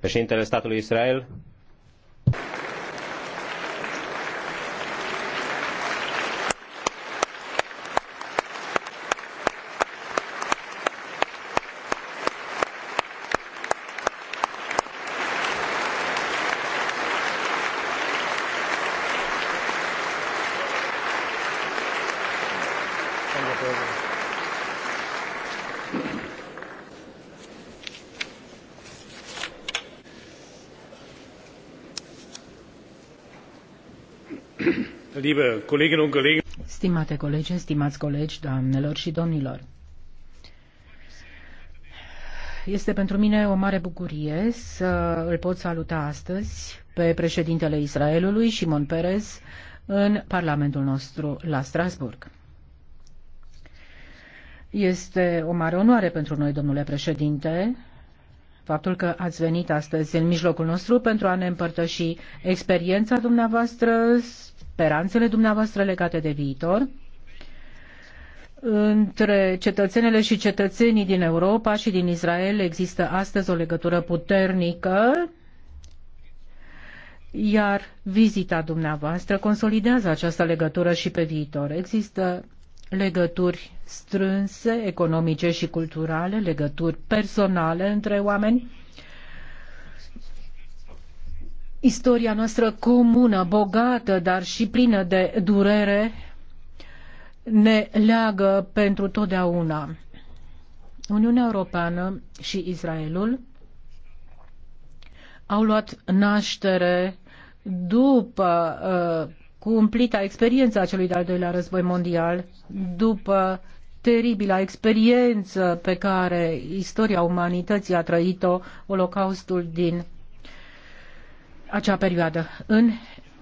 Președintele statului Israel. liebe Kolleginnen und Kollegen. Stimate colegi, stimați colegi, doamnelor și domnilor. Este pentru mine o mare bucurie să îl pot saluta astăzi pe președintele Israelului, Simon Peres, în Parlamentul nostru la Strasburg. Este o mare onoare pentru noi, domnule președinte, faptul că ați venit astăzi în mijlocul nostru pentru a ne împărtăși experiența dumneavoastră, speranțele dumneavoastră legate de viitor între cetățenele și cetățenii din Europa și din Israel există astăzi o legătură puternică, iar vizita dumneavoastră consolidează această legătură și pe viitor. Există legături strânse, economice și culturale, legături personale între oameni. Istoria noastră comună, bogată, dar și plină de durere, ne leagă pentru totdeauna. Uniunea Europeană și Israelul au luat naștere după uh, umplita experiență a celui de-al doilea război mondial, după teribila experiență pe care istoria umanității a trăit-o, Holocaustul din acea perioadă. În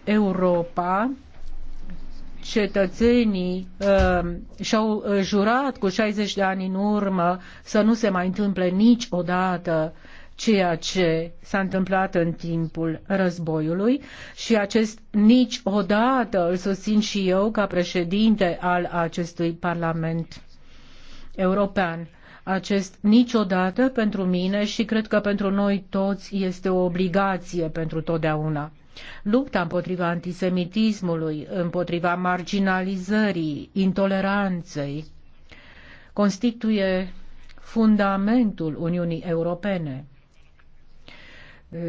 Europa, cetățenii uh, și-au uh, jurat cu 60 de ani în urmă să nu se mai întâmple niciodată uh, ceea ce s-a întâmplat în timpul războiului și acest niciodată îl susțin și eu ca președinte al acestui Parlament European. Acest niciodată pentru mine și cred că pentru noi toți este o obligație pentru totdeauna. Lupta împotriva antisemitismului, împotriva marginalizării, intoleranței, constituie fundamentul Uniunii Europene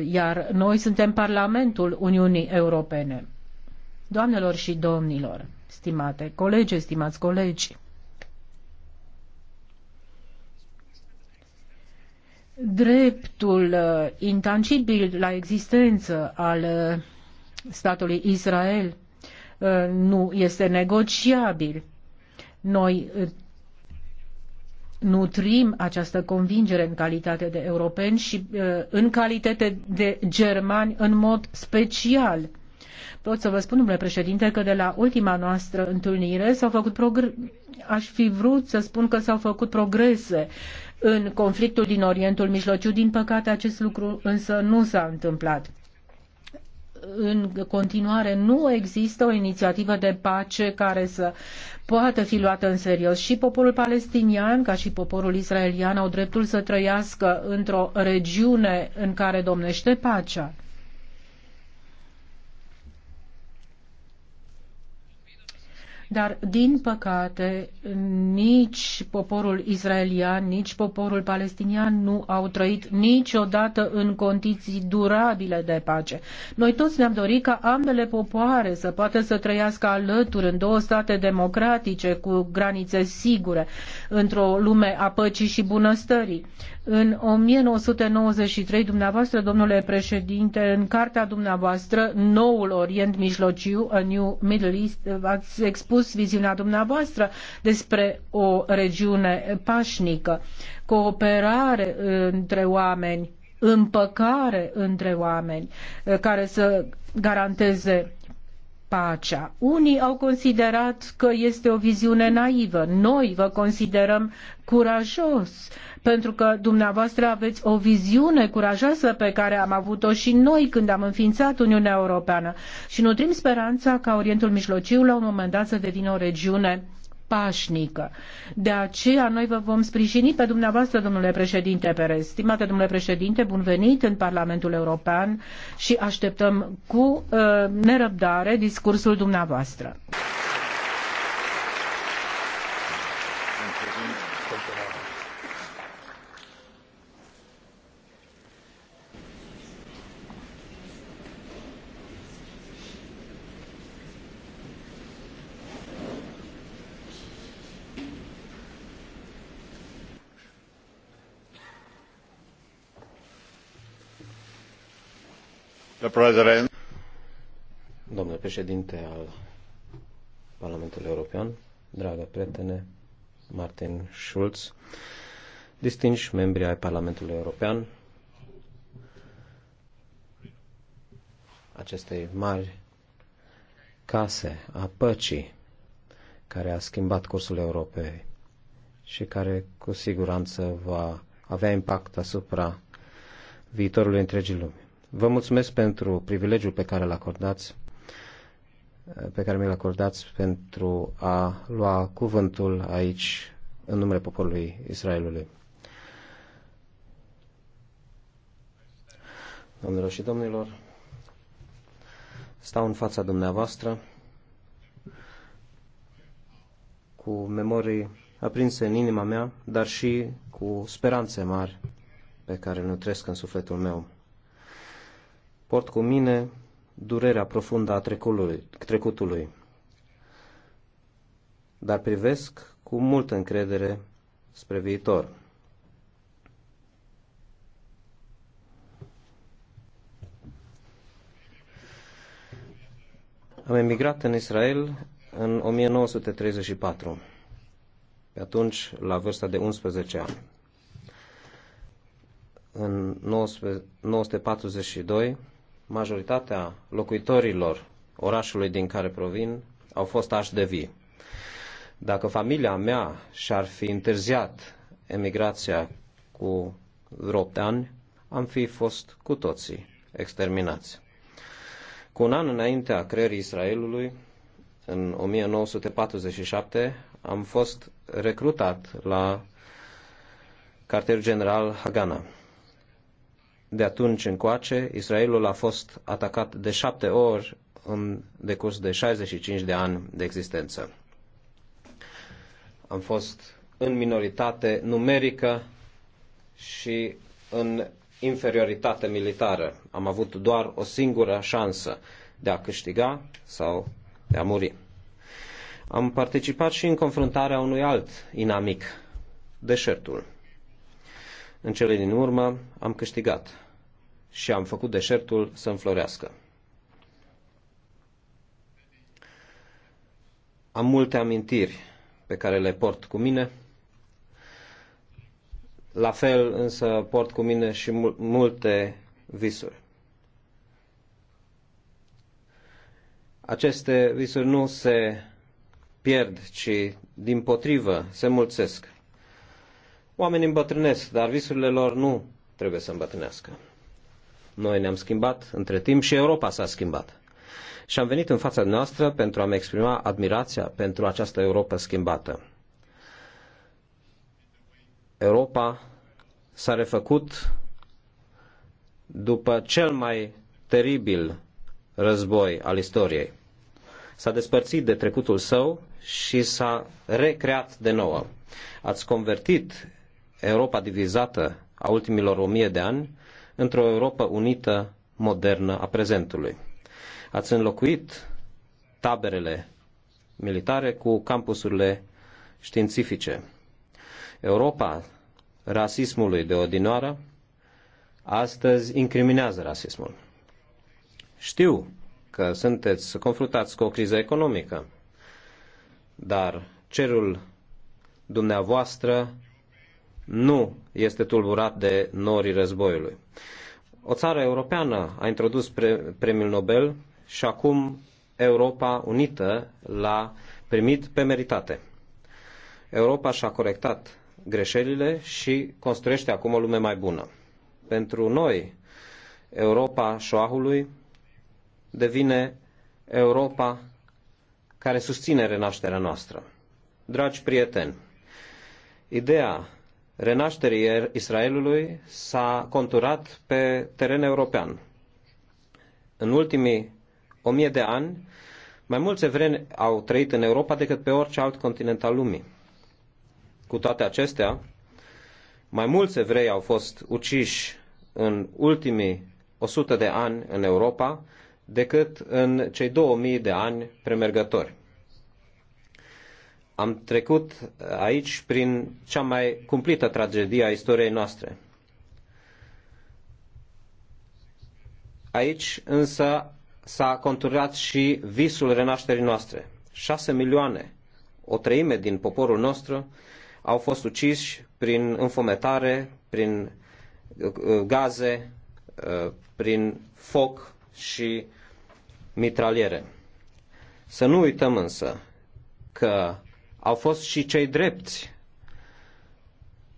iar noi suntem Parlamentul Uniunii Europene. Doamnelor și domnilor, stimate colegi, stimați colegi, dreptul uh, intangibil la existență al uh, statului Israel uh, nu este negociabil. Noi nutrim această convingere în calitate de europeni și uh, în calitate de germani în mod special. Pot să vă spun, domnule președinte, că de la ultima noastră întâlnire s-au făcut progr. Aș fi vrut să spun că s-au făcut progrese în conflictul din Orientul Mijlociu. Din păcate, acest lucru însă nu s-a întâmplat în continuare nu există o inițiativă de pace care să poată fi luată în serios. Și poporul palestinian, ca și poporul israelian, au dreptul să trăiască într-o regiune în care domnește pacea. Dar, din păcate, nici poporul israelian, nici poporul palestinian nu au trăit niciodată în condiții durabile de pace. Noi toți ne-am dorit ca ambele popoare să poată să trăiască alături în două state democratice, cu granițe sigure, într-o lume a păcii și bunăstării. În 1993, dumneavoastră, domnule președinte, în cartea dumneavoastră, Noul Orient Mijlociu, A New Middle East, ați expus viziunea dumneavoastră despre o regiune pașnică, cooperare între oameni, împăcare între oameni, care să garanteze pacea. Unii au considerat că este o viziune naivă. Noi vă considerăm curajos, pentru că dumneavoastră aveți o viziune curajoasă pe care am avut-o și noi când am înființat Uniunea Europeană și nutrim speranța ca Orientul Mijlociu la un moment dat să devină o regiune pașnică. De aceea noi vă vom sprijini pe dumneavoastră, domnule președinte Perez. Stimate domnule președinte, bun venit în Parlamentul European și așteptăm cu uh, nerăbdare discursul dumneavoastră. Domnule președinte al Parlamentului European, dragă prietene, Martin Schulz, distinși membri ai Parlamentului European, acestei mari case a păcii care a schimbat cursul Europei și care cu siguranță va avea impact asupra viitorului întregii lumi. Vă mulțumesc pentru privilegiul pe care l acordați, pe care mi-l acordați pentru a lua cuvântul aici în numele poporului Israelului. Domnilor și domnilor, stau în fața dumneavoastră cu memorii aprinse în inima mea, dar și cu speranțe mari pe care le nutresc în sufletul meu. Port cu mine durerea profundă a trecutului, dar privesc cu multă încredere spre viitor. Am emigrat în Israel în 1934, pe atunci la vârsta de 11 ani. În 1942 majoritatea locuitorilor orașului din care provin au fost ași de vii. Dacă familia mea și-ar fi întârziat emigrația cu vreo 8 ani, am fi fost cu toții exterminați. Cu un an înaintea creării Israelului, în 1947, am fost recrutat la cartierul general Hagana. De atunci încoace, Israelul a fost atacat de șapte ori în decurs de 65 de ani de existență. Am fost în minoritate numerică și în inferioritate militară. Am avut doar o singură șansă de a câștiga sau de a muri. Am participat și în confruntarea unui alt inamic, deșertul. În cele din urmă am câștigat și am făcut deșertul să înflorească. Am multe amintiri pe care le port cu mine. La fel însă port cu mine și multe visuri. Aceste visuri nu se pierd, ci din potrivă se mulțesc. Oamenii îmbătrânesc, dar visurile lor nu trebuie să îmbătrânească. Noi ne-am schimbat între timp și Europa s-a schimbat. Și am venit în fața noastră pentru a-mi exprima admirația pentru această Europa schimbată. Europa s-a refăcut după cel mai teribil război al istoriei. S-a despărțit de trecutul său și s-a recreat de nouă. Ați convertit Europa divizată a ultimilor o mie de ani într-o Europa unită, modernă a prezentului. Ați înlocuit taberele militare cu campusurile științifice. Europa rasismului de odinoară astăzi incriminează rasismul. Știu că sunteți confruntați cu o criză economică, dar cerul dumneavoastră nu este tulburat de norii războiului. O țară europeană a introdus pre- premiul Nobel și acum Europa Unită l-a primit pe meritate. Europa și-a corectat greșelile și construiește acum o lume mai bună. Pentru noi, Europa șoahului devine Europa care susține renașterea noastră. Dragi prieteni, ideea renașterii Israelului s-a conturat pe teren european. În ultimii o mie de ani, mai mulți evreni au trăit în Europa decât pe orice alt continent al lumii. Cu toate acestea, mai mulți evrei au fost uciși în ultimii 100 de ani în Europa decât în cei 2000 de ani premergători am trecut aici prin cea mai cumplită tragedie a istoriei noastre. Aici însă s-a conturat și visul renașterii noastre. Șase milioane, o treime din poporul nostru, au fost uciși prin înfometare, prin uh, gaze, uh, prin foc și mitraliere. Să nu uităm însă că au fost și cei drepți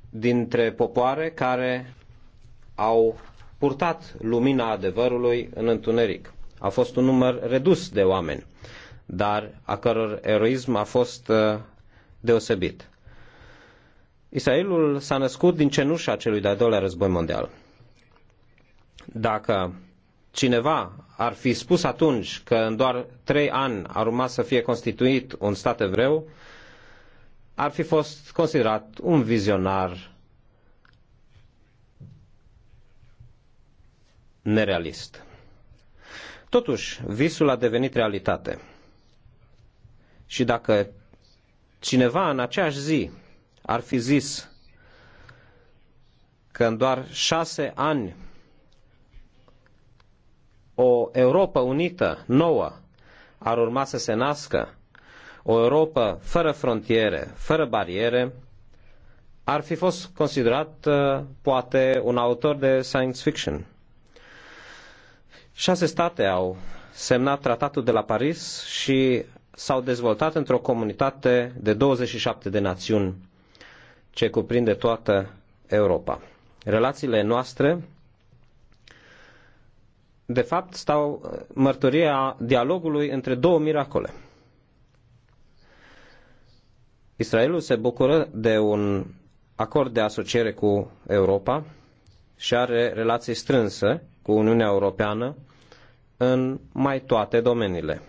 dintre popoare care au purtat lumina adevărului în întuneric. A fost un număr redus de oameni, dar a căror eroism a fost uh, deosebit. Israelul s-a născut din cenușa celui de-al doilea război mondial. Dacă cineva ar fi spus atunci că în doar trei ani ar urma să fie constituit un stat evreu, ar fi fost considerat un vizionar nerealist. Totuși, visul a devenit realitate. Și dacă cineva în aceeași zi ar fi zis că în doar șase ani o Europa unită, nouă, ar urma să se nască, o Europa fără frontiere, fără bariere, ar fi fost considerat uh, poate un autor de science fiction. Șase state au semnat tratatul de la Paris și s-au dezvoltat într-o comunitate de 27 de națiuni ce cuprinde toată Europa. Relațiile noastre, de fapt, stau uh, mărturia dialogului între două miracole – Israelul se bucură de un acord de asociere cu Europa și are relații strânse cu Uniunea Europeană în mai toate domeniile.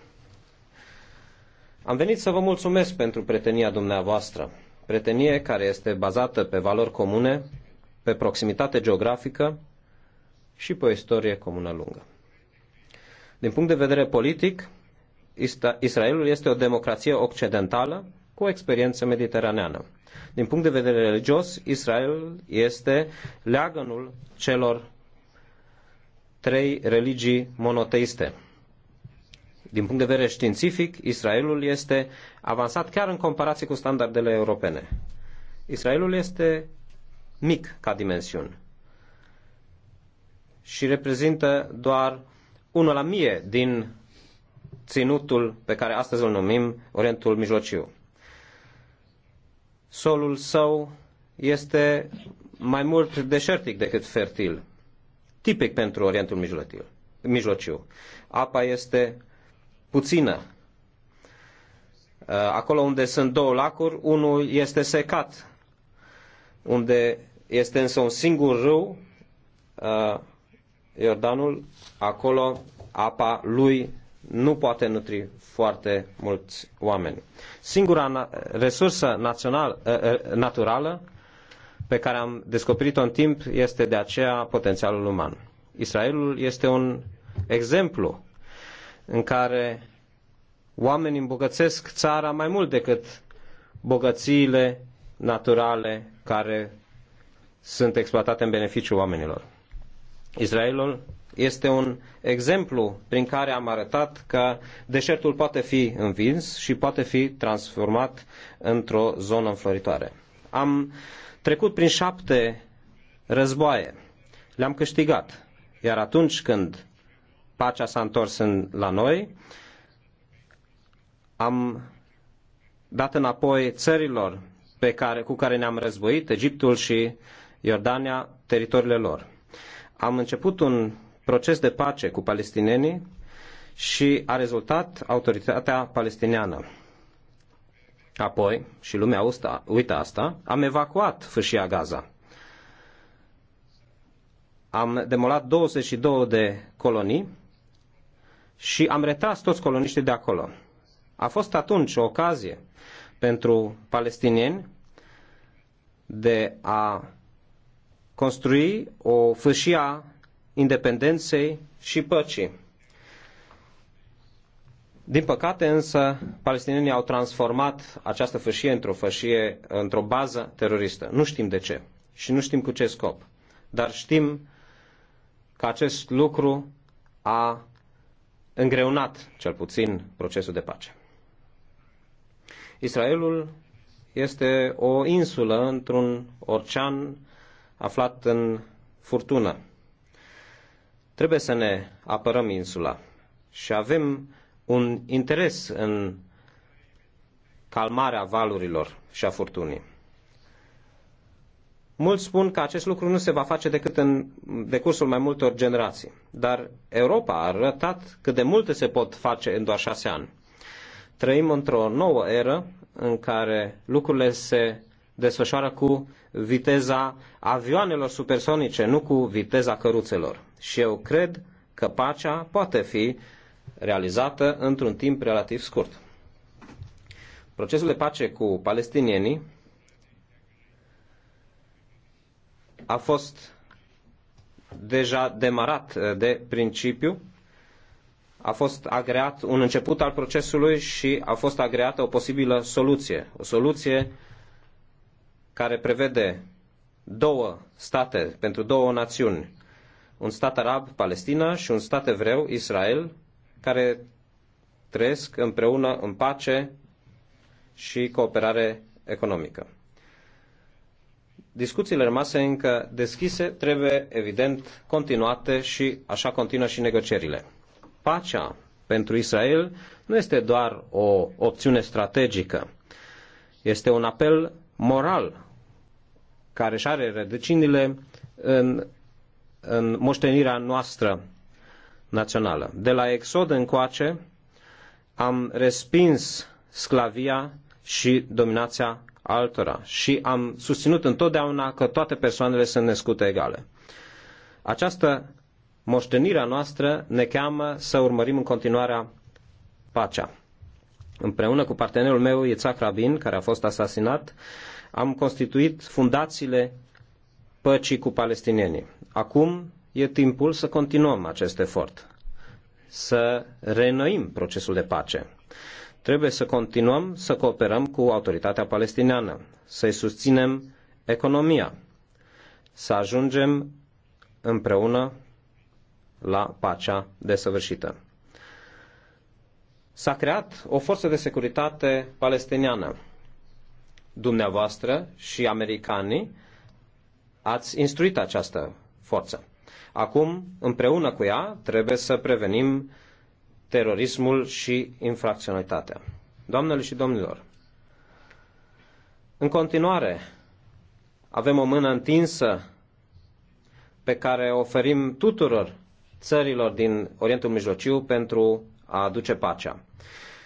Am venit să vă mulțumesc pentru pretenia dumneavoastră, pretenie care este bazată pe valori comune, pe proximitate geografică și pe o istorie comună lungă. Din punct de vedere politic, Israelul este o democrație occidentală cu o experiență mediteraneană. Din punct de vedere religios, Israel este leagănul celor trei religii monoteiste. Din punct de vedere științific, Israelul este avansat chiar în comparație cu standardele europene. Israelul este mic ca dimensiuni și reprezintă doar 1 la mie din ținutul pe care astăzi îl numim Orientul Mijlociu solul său este mai mult deșertic decât fertil, tipic pentru Orientul mijlociu. Apa este puțină. Uh, acolo unde sunt două lacuri, unul este secat. Unde este însă un singur râu, uh, Iordanul, acolo apa lui nu poate nutri foarte mulți oameni. Singura na resursă național, ă, ă, naturală pe care am descoperit-o în timp este de aceea potențialul uman. Israelul este un exemplu în care oamenii îmbogățesc țara mai mult decât bogățiile naturale care sunt exploatate în beneficiul oamenilor. Israelul este un exemplu prin care am arătat că deșertul poate fi învins și poate fi transformat într-o zonă înfloritoare. Am trecut prin șapte războaie, le-am câștigat, iar atunci când pacea s-a întors în, la noi, am dat înapoi țărilor pe care, cu care ne-am războit, Egiptul și Iordania, teritoriile lor. Am început un proces de pace cu palestinienii și a rezultat autoritatea palestiniană. Apoi, și lumea usta, uită asta, am evacuat fâșia Gaza. Am demolat 22 de colonii și am retras toți coloniștii de acolo. A fost atunci o ocazie pentru palestinieni de a construi o fâșia independenței și păcii. Din păcate însă, palestinienii au transformat această fășie într-o fășie, într-o bază teroristă. Nu știm de ce și nu știm cu ce scop, dar știm că acest lucru a îngreunat, cel puțin, procesul de pace. Israelul este o insulă într-un ocean aflat în furtună. Trebuie să ne apărăm insula și avem un interes în calmarea valurilor și a furtunii. Mulți spun că acest lucru nu se va face decât în decursul mai multor generații, dar Europa a arătat cât de multe se pot face în doar șase ani. Trăim într-o nouă eră în care lucrurile se desfășoară cu viteza avioanelor supersonice, nu cu viteza căruțelor. Și eu cred că pacea poate fi realizată într-un timp relativ scurt. Procesul de pace cu palestinienii a fost deja demarat uh, de principiu, a fost agreat un început al procesului și a fost agreată o posibilă soluție. O soluție care prevede două state pentru două națiuni, un stat arab, Palestina, și un stat evreu, Israel, care trăiesc împreună în pace și cooperare economică. Discuțiile rămase încă deschise trebuie, evident, continuate și așa continuă și negocierile. Pacea pentru Israel nu este doar o opțiune strategică, este un apel moral care își are rădăcinile în în moștenirea noastră națională. De la Exod încoace am respins sclavia și dominația altora și am susținut întotdeauna că toate persoanele sunt născute egale. Această moștenire a noastră ne cheamă să urmărim în continuare pacea. Împreună cu partenerul meu, Itzhak Rabin, care a fost asasinat, am constituit fundațiile păcii cu palestinienii. Acum e timpul să continuăm acest efort, să reînnoim procesul de pace. Trebuie să continuăm să cooperăm cu autoritatea palestiniană, să-i susținem economia, să ajungem împreună la pacea desăvârșită. S-a creat o forță de securitate palestiniană. Dumneavoastră și americanii ați instruit această forță. Acum, împreună cu ea, trebuie să prevenim terorismul și infracționalitatea. Doamnele și domnilor, în continuare, avem o mână întinsă pe care o oferim tuturor țărilor din Orientul Mijlociu pentru a aduce pacea.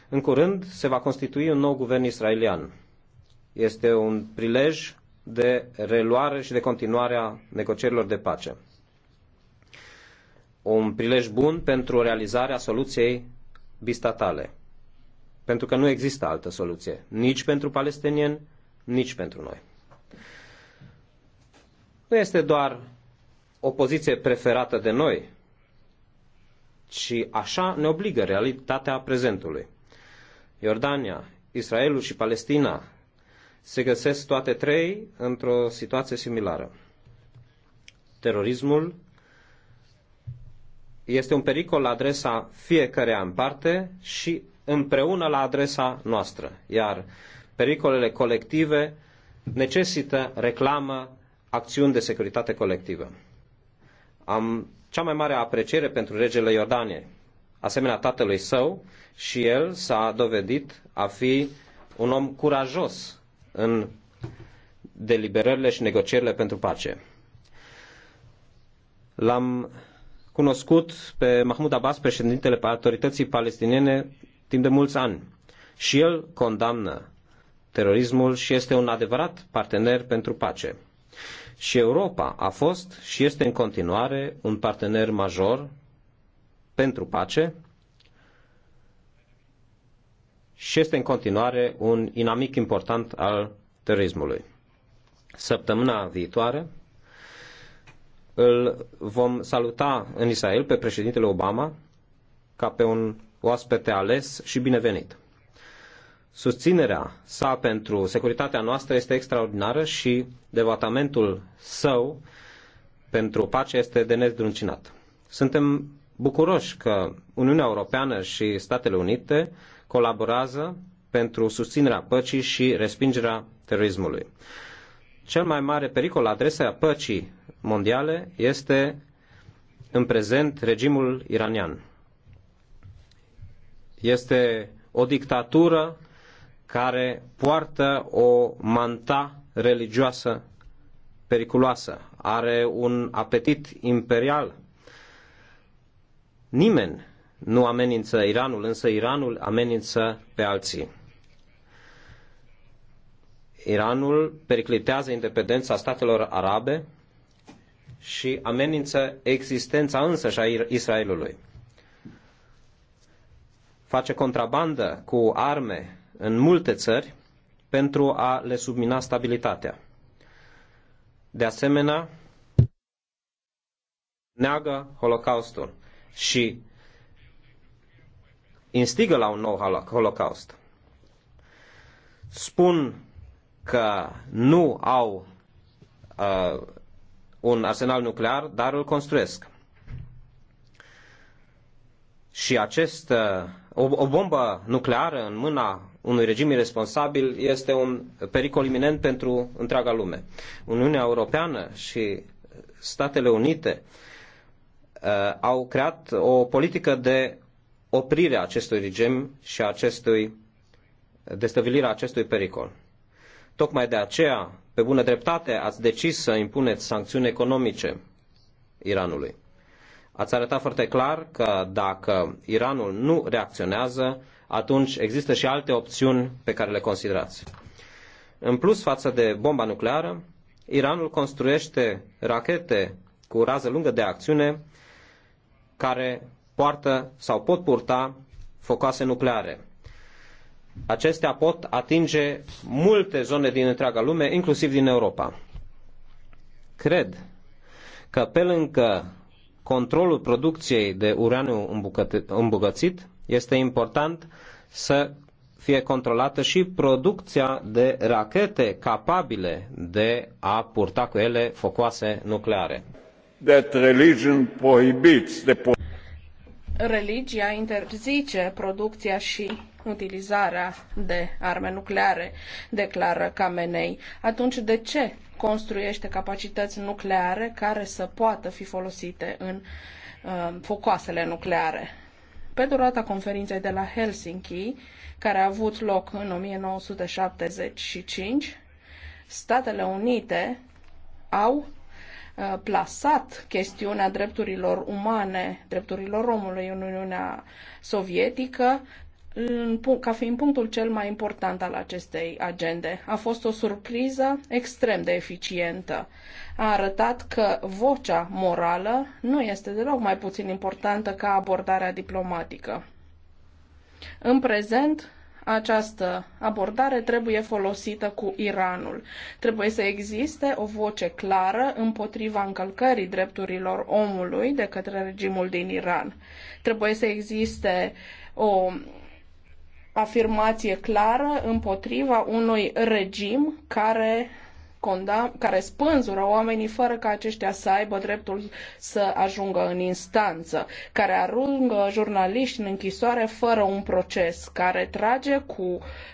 În curând se va constitui un nou guvern israelian. Este un prilej de reluare și de continuare a negocierilor de pace. Un prilej bun pentru realizarea soluției bistatale. Pentru că nu există altă soluție, nici pentru palestinieni, nici pentru noi. Nu este doar o poziție preferată de noi, ci așa ne obligă realitatea prezentului. Iordania, Israelul și Palestina se găsesc toate trei într-o situație similară. Terorismul este un pericol la adresa fiecăreia în parte și împreună la adresa noastră, iar pericolele colective necesită, reclamă, acțiuni de securitate colectivă. Am cea mai mare apreciere pentru regele Iordaniei, asemenea tatălui său, și el s-a dovedit a fi un om curajos în deliberările și negocierile pentru pace. L-am cunoscut pe Mahmoud Abbas, președintele autorității palestiniene, timp de mulți ani. Și el condamnă terorismul și este un adevărat partener pentru pace. Și Europa a fost și este în continuare un partener major pentru pace, și este în continuare un inamic important al terorismului. Săptămâna viitoare îl vom saluta în Israel pe președintele Obama ca pe un oaspete ales și binevenit. Susținerea sa pentru securitatea noastră este extraordinară și devatamentul său pentru pace este de nezdruncinat. Suntem bucuroși că Uniunea Europeană și Statele Unite colaborează pentru susținerea păcii și respingerea terorismului. Cel mai mare pericol la adresa păcii mondiale este în prezent regimul iranian. Este o dictatură care poartă o manta religioasă periculoasă, are un apetit imperial. Nimeni nu amenință Iranul, însă Iranul amenință pe alții. Iranul periclitează independența statelor arabe și amenință existența și a Israelului. Face contrabandă cu arme în multe țări pentru a le submina stabilitatea. De asemenea, neagă Holocaustul și instigă la un nou holocaust. Spun că nu au uh, un arsenal nuclear, dar îl construiesc. Și acest, uh, o, o bombă nucleară în mâna unui regim irresponsabil este un pericol iminent pentru întreaga lume. Uniunea Europeană și Statele Unite uh, au creat o politică de oprirea acestui regim și acestui, destăvilirea acestui pericol. Tocmai de aceea, pe bună dreptate, ați decis să impuneți sancțiuni economice Iranului. Ați arătat foarte clar că dacă Iranul nu reacționează, atunci există și alte opțiuni pe care le considerați. În plus față de bomba nucleară, Iranul construiește rachete cu rază lungă de acțiune care poartă sau pot purta focoase nucleare. Acestea pot atinge multe zone din întreaga lume, inclusiv din Europa. Cred că pe lângă controlul producției de uraniu îmbogățit, este important să fie controlată și producția de rachete capabile de a purta cu ele focoase nucleare. That religion prohibits the religia interzice producția și utilizarea de arme nucleare, declară Camenei. Atunci de ce construiește capacități nucleare care să poată fi folosite în uh, focoasele nucleare? Pe durata conferinței de la Helsinki, care a avut loc în 1975, Statele Unite au Uh, plasat chestiunea drepturilor umane, drepturilor omului în Uniunea Sovietică, ca fiind punctul cel mai important al acestei agende. A fost o surpriză extrem de eficientă. A arătat că vocea morală nu este deloc mai puțin importantă ca abordarea diplomatică. În prezent, această abordare trebuie folosită cu Iranul. Trebuie să existe o voce clară împotriva încălcării drepturilor omului de către regimul din Iran. Trebuie să existe o afirmație clară împotriva unui regim care condam- care spânzură oamenii fără ca aceștia să aibă dreptul să ajungă în instanță, care arungă jurnaliști în închisoare fără un proces, care trage cu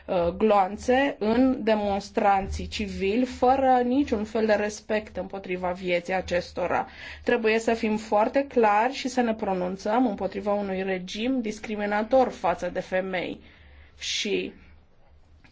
uh, gloanțe în demonstranții civili fără niciun fel de respect împotriva vieții acestora. Trebuie să fim foarte clari și să ne pronunțăm împotriva unui regim discriminator față de femei. Și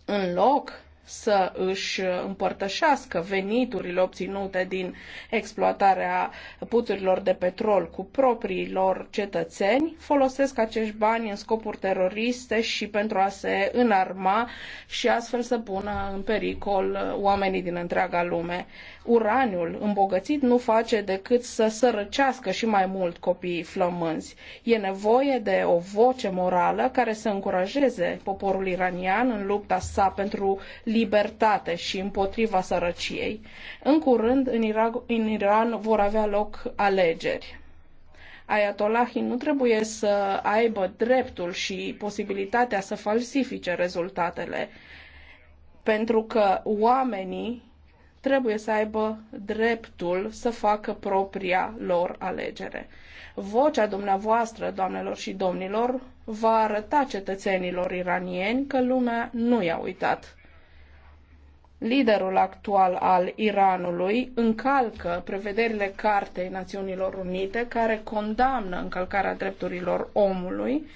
în loc să își împărtășească veniturile obținute din exploatarea puturilor de petrol cu proprii lor cetățeni, folosesc acești bani în scopuri teroriste și pentru a se înarma și astfel să pună în pericol oamenii din întreaga lume. Uraniul îmbogățit nu face decât să sărăcească și mai mult copiii flămânzi. E nevoie de o voce morală care să încurajeze poporul iranian în lupta sa pentru libertate și împotriva sărăciei. În curând, în, Irak, în Iran vor avea loc alegeri. Ayatollahii nu trebuie să aibă dreptul și posibilitatea să falsifice rezultatele, pentru că oamenii trebuie să aibă dreptul să facă propria lor alegere. Vocea dumneavoastră, doamnelor și domnilor, va arăta cetățenilor iranieni că lumea nu i-a uitat liderul actual al Iranului încalcă prevederile Cartei Națiunilor Unite care condamnă încălcarea drepturilor omului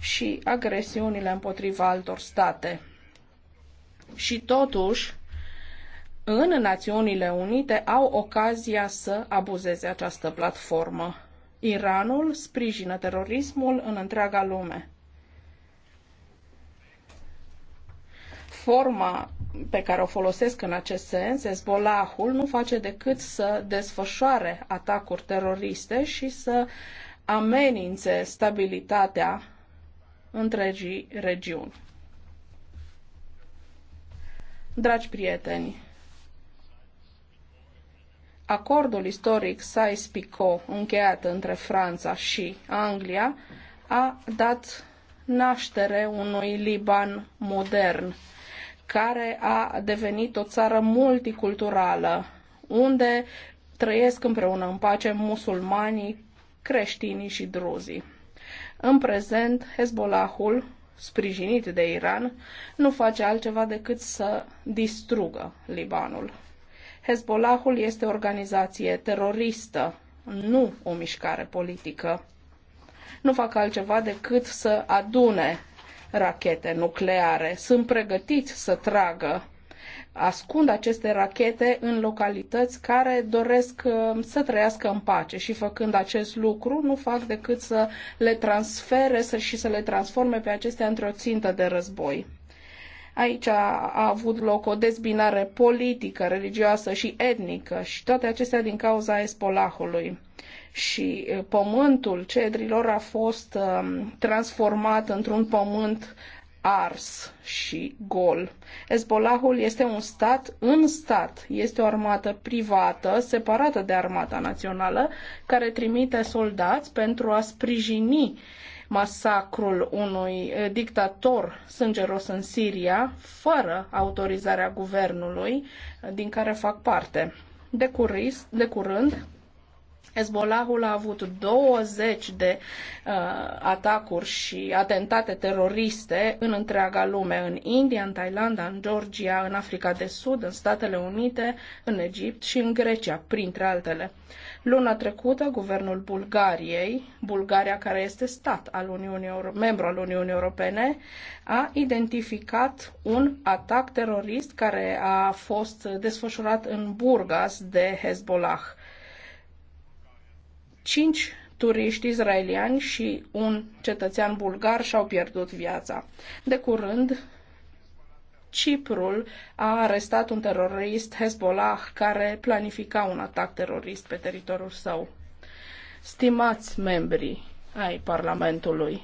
și agresiunile împotriva altor state. Și totuși, în Națiunile Unite au ocazia să abuzeze această platformă. Iranul sprijină terorismul în întreaga lume. Forma pe care o folosesc în acest sens, Hezbollahul nu face decât să desfășoare atacuri teroriste și să amenințe stabilitatea întregii regiuni. Dragi prieteni, acordul istoric Sykes-Picot încheiat între Franța și Anglia a dat naștere unui Liban modern, care a devenit o țară multiculturală, unde trăiesc împreună în pace musulmanii, creștinii și druzii. În prezent, Hezbollahul, sprijinit de Iran, nu face altceva decât să distrugă Libanul. Hezbollahul este o organizație teroristă, nu o mișcare politică. Nu fac altceva decât să adune rachete nucleare. Sunt pregătiți să tragă ascund aceste rachete în localități care doresc uh, să trăiască în pace și făcând acest lucru nu fac decât să le transfere și să le transforme pe acestea într-o țintă de război. Aici a avut loc o dezbinare politică, religioasă și etnică și toate acestea din cauza Espolahului Și pământul cedrilor a fost um, transformat într-un pământ ars și gol. Ezbolahul este un stat în stat, este o armată privată, separată de armata națională, care trimite soldați pentru a sprijini masacrul unui eh, dictator sângeros în Siria, fără autorizarea guvernului eh, din care fac parte. De, curist, de curând, Hezbollahul a avut 20 de uh, atacuri și atentate teroriste în întreaga lume, în India, în Thailanda, în Georgia, în Africa de Sud, în Statele Unite, în Egipt și în Grecia, printre altele. Luna trecută, guvernul Bulgariei, Bulgaria care este stat al Uniunii Euro- membru al Uniunii Europene, a identificat un atac terorist care a fost desfășurat în Burgas de Hezbollah. Cinci turiști israeliani și un cetățean bulgar și-au pierdut viața. De curând, Ciprul a arestat un terorist Hezbollah care planifica un atac terorist pe teritoriul său. Stimați membrii ai Parlamentului,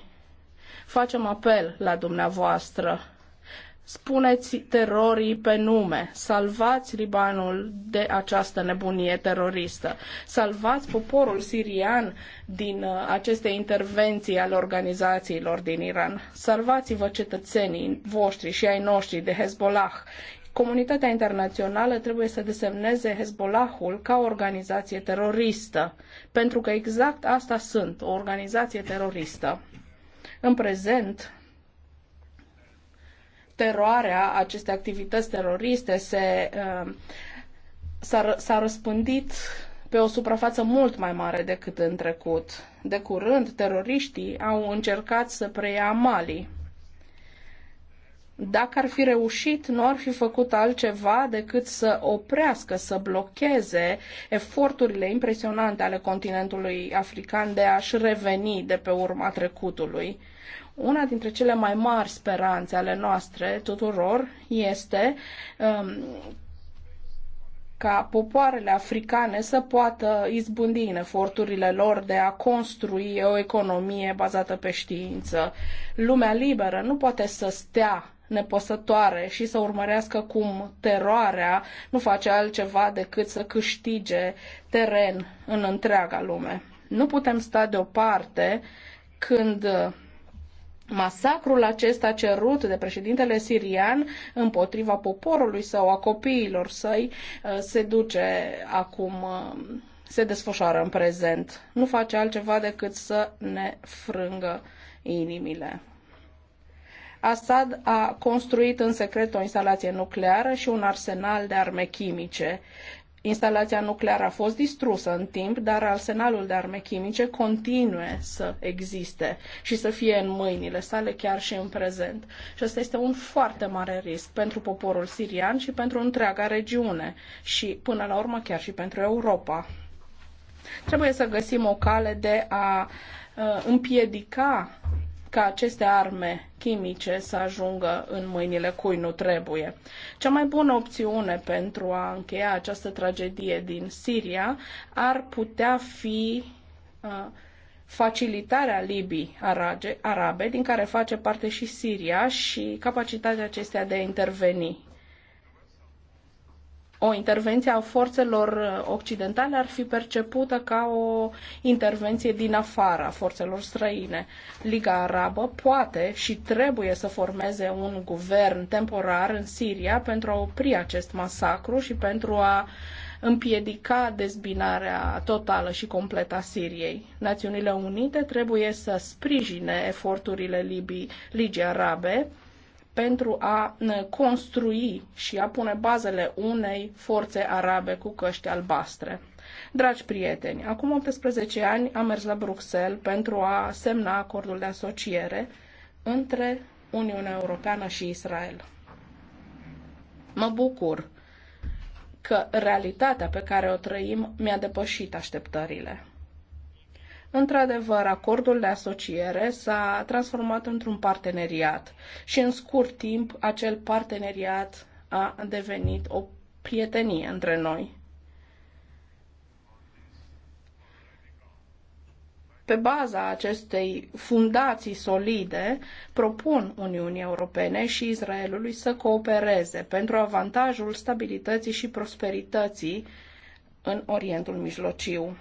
facem apel la dumneavoastră Spuneți terorii pe nume, salvați Libanul de această nebunie teroristă, salvați poporul sirian din uh, aceste intervenții ale organizațiilor din Iran, salvați-vă cetățenii voștri și ai noștri de Hezbollah. Comunitatea internațională trebuie să desemneze Hezbollahul ca o organizație teroristă, pentru că exact asta sunt, o organizație teroristă. În prezent, teroarea acestei activități teroriste se, um, s-a răspândit pe o suprafață mult mai mare decât în trecut. De curând, teroriștii au încercat să preia Mali. Dacă ar fi reușit, nu ar fi făcut altceva decât să oprească, să blocheze eforturile impresionante ale continentului african de a-și reveni de pe urma trecutului. Una dintre cele mai mari speranțe ale noastre tuturor este um, ca popoarele africane să poată izbundi în eforturile lor de a construi o economie bazată pe știință. Lumea liberă nu poate să stea nepăsătoare și să urmărească cum teroarea nu face altceva decât să câștige teren în întreaga lume. Nu putem sta deoparte când Masacrul acesta cerut de președintele sirian împotriva poporului său, a copiilor săi, uh, se duce acum, uh, se desfășoară în prezent. Nu face altceva decât să ne frângă inimile. Assad a construit în secret o instalație nucleară și un arsenal de arme chimice. Instalația nucleară a fost distrusă în timp, dar arsenalul de arme chimice continue să existe și să fie în mâinile sale chiar și în prezent. Și asta este un foarte mare risc pentru poporul sirian și pentru întreaga regiune și, până la urmă, chiar și pentru Europa. Trebuie să găsim o cale de a uh, împiedica ca aceste arme chimice să ajungă în mâinile cui nu trebuie. Cea mai bună opțiune pentru a încheia această tragedie din Siria ar putea fi uh, facilitarea Libii arabe, arabe, din care face parte și Siria, și capacitatea acesteia de a interveni o intervenție a forțelor uh, occidentale ar fi percepută ca o intervenție din afara forțelor străine. Liga Arabă poate și trebuie să formeze un guvern temporar în Siria pentru a opri acest masacru și pentru a împiedica dezbinarea totală și completă a Siriei. Națiunile Unite trebuie să sprijine eforturile Libii, Ligii Arabe pentru a construi și a pune bazele unei forțe arabe cu căști albastre. Dragi prieteni, acum 18 ani am mers la Bruxelles pentru a semna acordul de asociere între Uniunea Europeană și Israel. Mă bucur că realitatea pe care o trăim mi-a depășit așteptările. Într-adevăr, acordul de asociere s-a transformat într-un parteneriat și în scurt timp acel parteneriat a devenit o prietenie între noi. Pe baza acestei fundații solide, propun Uniunii Europene și Israelului să coopereze pentru avantajul stabilității și prosperității în Orientul Mijlociu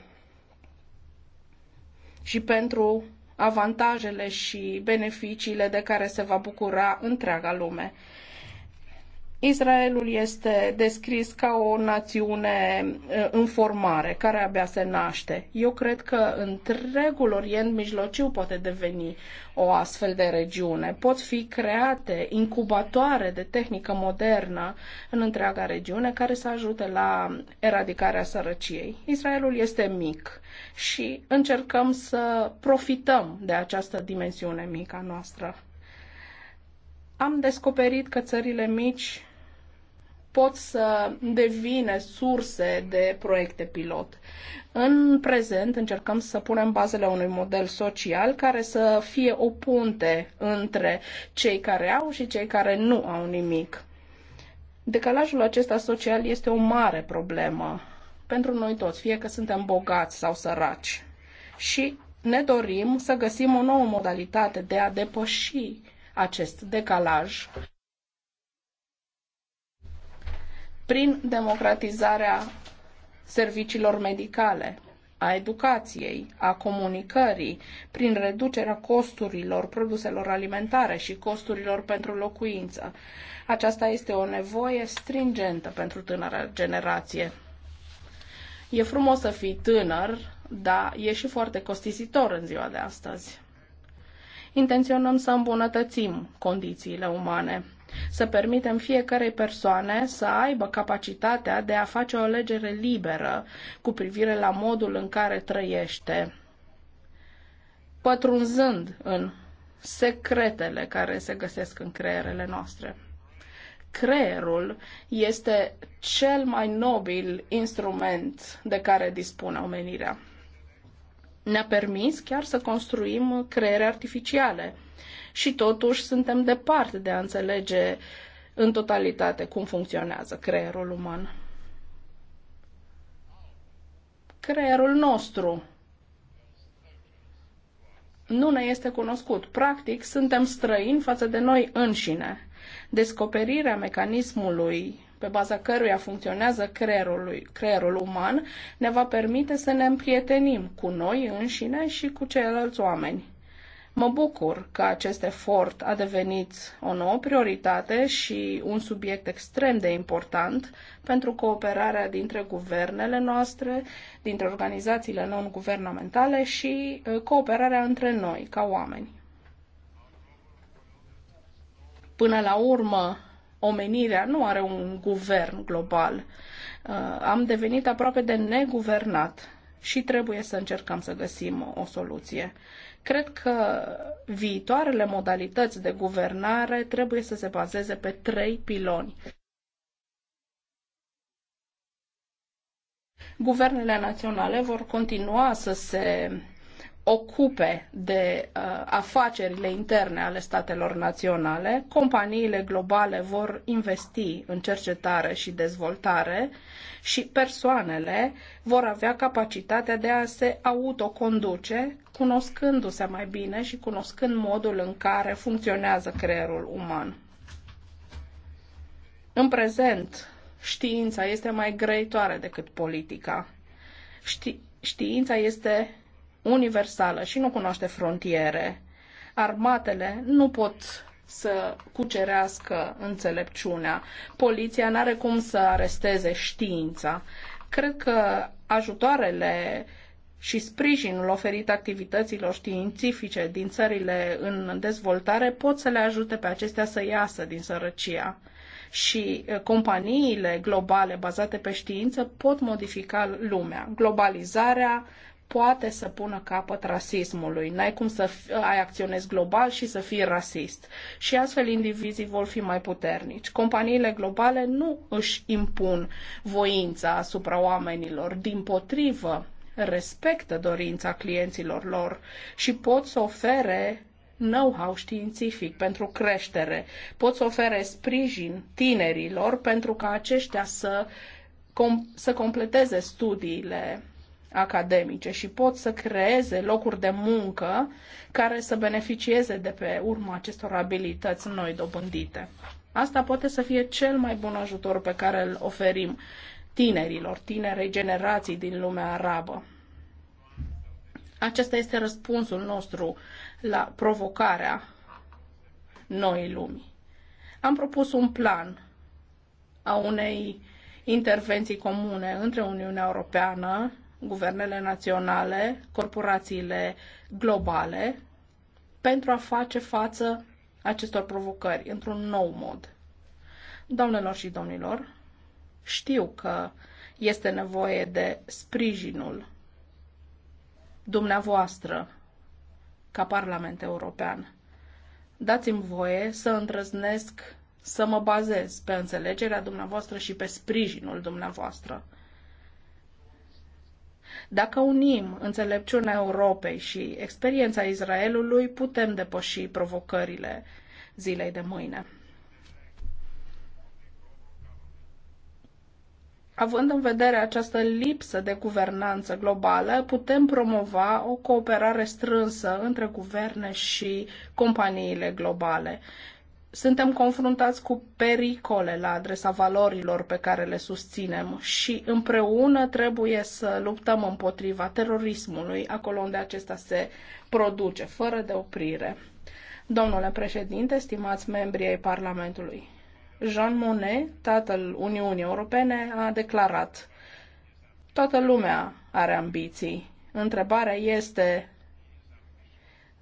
și pentru avantajele și beneficiile de care se va bucura întreaga lume. Israelul este descris ca o națiune în formare, care abia se naște. Eu cred că întregul Orient Mijlociu poate deveni o astfel de regiune. Pot fi create incubatoare de tehnică modernă în întreaga regiune care să ajute la eradicarea sărăciei. Israelul este mic și încercăm să profităm de această dimensiune mică a noastră am descoperit că țările mici pot să devină surse de proiecte pilot. În prezent încercăm să punem bazele unui model social care să fie o punte între cei care au și cei care nu au nimic. Decalajul acesta social este o mare problemă pentru noi toți, fie că suntem bogați sau săraci. Și ne dorim să găsim o nouă modalitate de a depăși acest decalaj prin democratizarea serviciilor medicale, a educației, a comunicării, prin reducerea costurilor produselor alimentare și costurilor pentru locuință. Aceasta este o nevoie stringentă pentru tânăra generație. E frumos să fii tânăr, dar e și foarte costisitor în ziua de astăzi intenționăm să îmbunătățim condițiile umane, să permitem fiecarei persoane să aibă capacitatea de a face o alegere liberă cu privire la modul în care trăiește, pătrunzând în secretele care se găsesc în creierele noastre creierul este cel mai nobil instrument de care dispune omenirea. Ne-a permis chiar să construim creiere artificiale. Și totuși suntem departe de a înțelege în totalitate cum funcționează creierul uman. Creierul nostru nu ne este cunoscut. Practic, suntem străini față de noi înșine. Descoperirea mecanismului pe baza căruia funcționează creierul, creierul uman, ne va permite să ne împrietenim cu noi înșine și cu ceilalți oameni. Mă bucur că acest efort a devenit o nouă prioritate și un subiect extrem de important pentru cooperarea dintre guvernele noastre, dintre organizațiile non-guvernamentale și ă, cooperarea între noi, ca oameni. Până la urmă, omenirea nu are un guvern global. Uh, am devenit aproape de neguvernat și trebuie să încercăm să găsim o soluție. Cred că viitoarele modalități de guvernare trebuie să se bazeze pe trei piloni. Guvernele naționale vor continua să se ocupe de uh, afacerile interne ale statelor naționale, companiile globale vor investi în cercetare și dezvoltare și persoanele vor avea capacitatea de a se autoconduce, cunoscându-se mai bine și cunoscând modul în care funcționează creierul uman. În prezent, știința este mai grăitoare decât politica. Ști- știința este universală și nu cunoaște frontiere. Armatele nu pot să cucerească înțelepciunea. Poliția nu are cum să aresteze știința. Cred că ajutoarele și sprijinul oferit activităților științifice din țările în dezvoltare pot să le ajute pe acestea să iasă din sărăcia. Și eh, companiile globale bazate pe știință pot modifica lumea. Globalizarea poate să pună capăt rasismului. N-ai cum să ai acționezi global și să fii rasist. Și astfel indivizii vor fi mai puternici. Companiile globale nu își impun voința asupra oamenilor. Din potrivă, respectă dorința clienților lor și pot să ofere know-how științific pentru creștere, pot să ofere sprijin tinerilor pentru ca aceștia să, com- să completeze studiile academice și pot să creeze locuri de muncă care să beneficieze de pe urma acestor abilități noi dobândite. Asta poate să fie cel mai bun ajutor pe care îl oferim tinerilor, tinerei generații din lumea arabă. Acesta este răspunsul nostru la provocarea noii lumi. Am propus un plan a unei intervenții comune între Uniunea Europeană guvernele naționale, corporațiile globale, pentru a face față acestor provocări într-un nou mod. Doamnelor și domnilor, știu că este nevoie de sprijinul dumneavoastră ca Parlament European. Dați-mi voie să îndrăznesc să mă bazez pe înțelegerea dumneavoastră și pe sprijinul dumneavoastră. Dacă unim înțelepciunea Europei și experiența Israelului, putem depăși provocările zilei de mâine. Având în vedere această lipsă de guvernanță globală, putem promova o cooperare strânsă între guverne și companiile globale suntem confruntați cu pericole la adresa valorilor pe care le susținem și împreună trebuie să luptăm împotriva terorismului acolo unde acesta se produce, fără de oprire. Domnule președinte, stimați membri ai Parlamentului, Jean Monnet, tatăl Uniunii Europene, a declarat Toată lumea are ambiții. Întrebarea este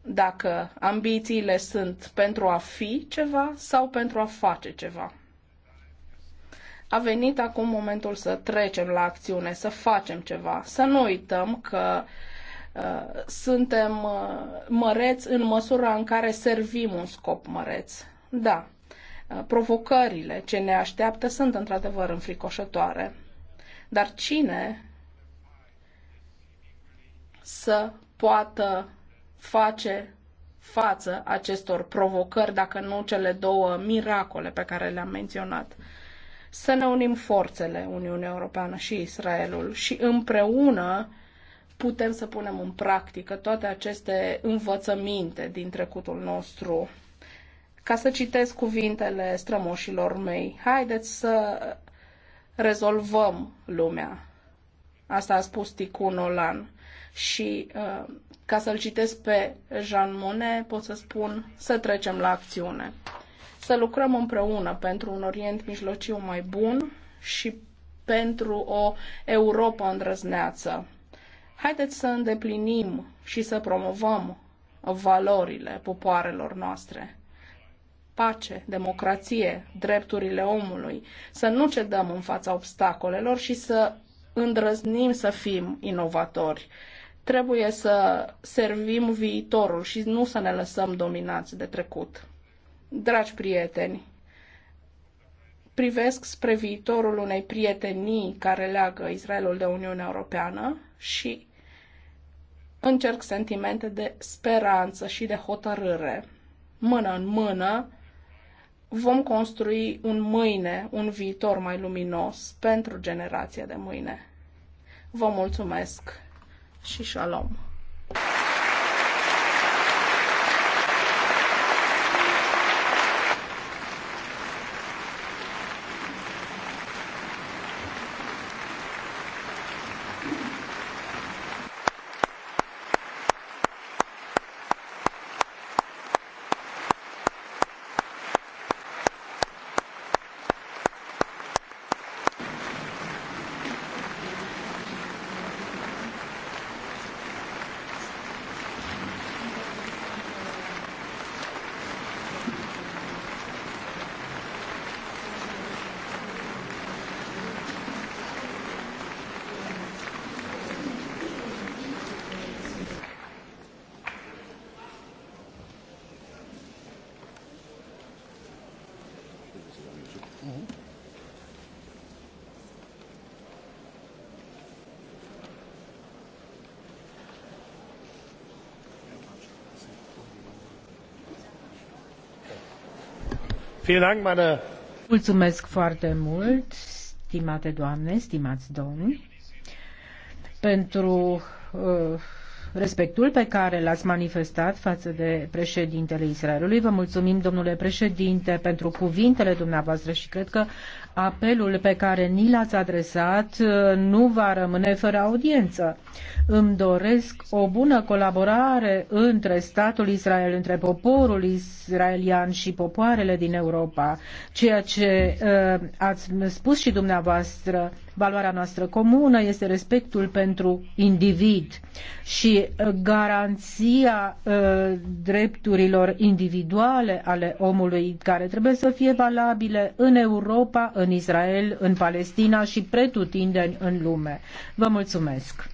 dacă ambițiile sunt pentru a fi ceva sau pentru a face ceva. A venit acum momentul să trecem la acțiune, să facem ceva, să nu uităm că uh, suntem uh, măreți în măsura în care servim un scop măreț. Da, uh, provocările ce ne așteaptă sunt într-adevăr înfricoșătoare, dar cine să poată face față acestor provocări, dacă nu cele două miracole pe care le-am menționat. Să ne unim forțele, Uniunea Europeană și Israelul, și împreună putem să punem în practică toate aceste învățăminte din trecutul nostru. Ca să citesc cuvintele strămoșilor mei, haideți să rezolvăm lumea. Asta a spus Ticun Olan și uh, ca să-l citesc pe Jean Monnet, pot să spun să trecem la acțiune. Să lucrăm împreună pentru un Orient Mijlociu mai bun și pentru o Europa îndrăzneață. Haideți să îndeplinim și să promovăm valorile popoarelor noastre. Pace, democrație, drepturile omului, să nu cedăm în fața obstacolelor și să îndrăznim să fim inovatori. Trebuie să servim viitorul și nu să ne lăsăm dominați de trecut. Dragi prieteni, privesc spre viitorul unei prietenii care leagă Israelul de Uniunea Europeană și încerc sentimente de speranță și de hotărâre. Mână în mână vom construi un mâine, un viitor mai luminos pentru generația de mâine. Vă mulțumesc și shalom. Mulțumesc foarte mult, stimate doamne, stimați domni, pentru uh, respectul pe care l-ați manifestat față de președintele Israelului. Vă mulțumim, domnule președinte, pentru cuvintele dumneavoastră și cred că apelul pe care ni l-ați adresat uh, nu va rămâne fără audiență. Îmi doresc o bună colaborare între statul Israel, între poporul israelian și popoarele din Europa. Ceea ce uh, ați spus și dumneavoastră Valoarea noastră comună este respectul pentru individ și uh, garanția uh, drepturilor individuale ale omului care trebuie să fie valabile în Europa, în Israel, în Palestina și pretutindeni în lume. Vă mulțumesc!